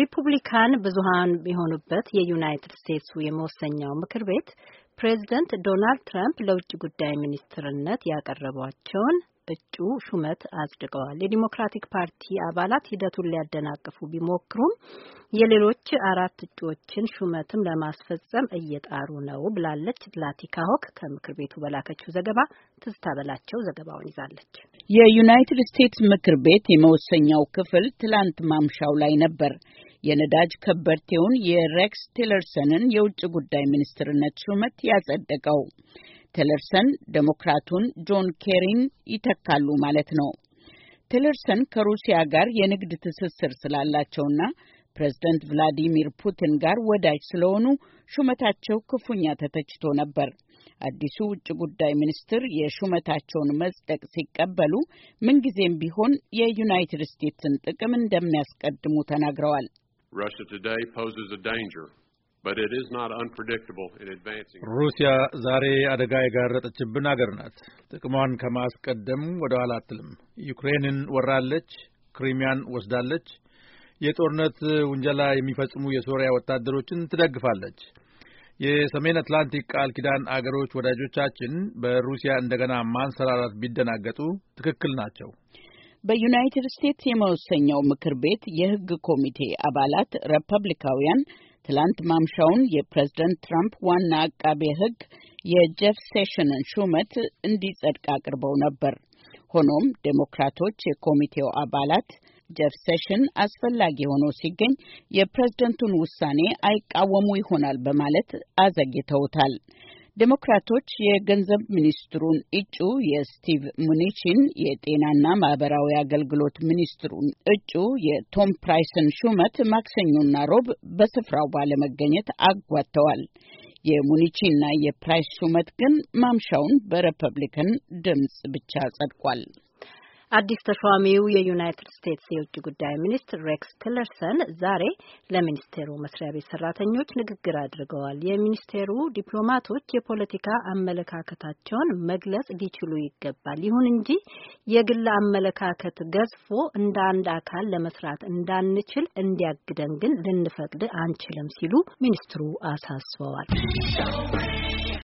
ሪፑብሊካን ብዙሃን የሆኑበት የዩናይትድ ስቴትሱ የመወሰኛው ምክር ቤት ፕሬዝደንት ዶናልድ ትራምፕ ለውጭ ጉዳይ ሚኒስትርነት ያቀረቧቸውን እጩ ሹመት አጽድቀዋል። የዲሞክራቲክ ፓርቲ አባላት ሂደቱን ሊያደናቅፉ ቢሞክሩም የሌሎች አራት እጩዎችን ሹመትም ለማስፈጸም እየጣሩ ነው ብላለች ላቲካ ሆክ ከምክር ቤቱ በላከችው ዘገባ። ትዝታ በላቸው ዘገባውን ይዛለች። የዩናይትድ ስቴትስ ምክር ቤት የመወሰኛው ክፍል ትላንት ማምሻው ላይ ነበር የነዳጅ ከበርቴውን የሬክስ ቲለርሰንን የውጭ ጉዳይ ሚኒስትርነት ሹመት ያጸደቀው። ቲለርሰን ዴሞክራቱን ጆን ኬሪን ይተካሉ ማለት ነው። ቲለርሰን ከሩሲያ ጋር የንግድ ትስስር ስላላቸውና ፕሬዝደንት ቭላዲሚር ፑቲን ጋር ወዳጅ ስለሆኑ ሹመታቸው ክፉኛ ተተችቶ ነበር። አዲሱ ውጭ ጉዳይ ሚኒስትር የሹመታቸውን መጽደቅ ሲቀበሉ ምንጊዜም ቢሆን የዩናይትድ ስቴትስን ጥቅም እንደሚያስቀድሙ ተናግረዋል። ሩሲያ ዛሬ አደጋ የጋረጠችብን አገር ናት። ጥቅሟን ከማስቀደም ወደ ኋላ አትልም። ዩክሬንን ወራለች፣ ክሪሚያን ወስዳለች፣ የጦርነት ውንጀላ የሚፈጽሙ የሶሪያ ወታደሮችን ትደግፋለች። የሰሜን አትላንቲክ ቃል ኪዳን አገሮች ወዳጆቻችን በሩሲያ እንደገና ማንሰራራት ቢደናገጡ ትክክል ናቸው። በዩናይትድ ስቴትስ የመወሰኛው ምክር ቤት የሕግ ኮሚቴ አባላት ሪፐብሊካውያን ትላንት ማምሻውን የፕሬዝደንት ትራምፕ ዋና አቃቤ ሕግ የጀፍ ሴሽንን ሹመት እንዲጸድቅ አቅርበው ነበር። ሆኖም ዴሞክራቶች የኮሚቴው አባላት ጀፍ ሴሽን አስፈላጊ ሆኖ ሲገኝ የፕሬዝደንቱን ውሳኔ አይቃወሙ ይሆናል በማለት አዘግይተውታል። ዴሞክራቶች የገንዘብ ሚኒስትሩን እጩ የስቲቭ ሙኒቺን፣ የጤናና ማህበራዊ አገልግሎት ሚኒስትሩን እጩ የቶም ፕራይስን ሹመት ማክሰኞና ሮብ በስፍራው ባለመገኘት አጓተዋል። የሙኒቺና የፕራይስ ሹመት ግን ማምሻውን በሪፐብሊካን ድምፅ ብቻ ጸድቋል። አዲስ ተሿሚው የዩናይትድ ስቴትስ የውጭ ጉዳይ ሚኒስትር ሬክስ ቲለርሰን ዛሬ ለሚኒስቴሩ መስሪያ ቤት ሰራተኞች ንግግር አድርገዋል። የሚኒስቴሩ ዲፕሎማቶች የፖለቲካ አመለካከታቸውን መግለጽ ሊችሉ ይገባል። ይሁን እንጂ የግል አመለካከት ገዝፎ እንደ አንድ አካል ለመስራት እንዳንችል እንዲያግደን ግን ልንፈቅድ አንችልም ሲሉ ሚኒስትሩ አሳስበዋል።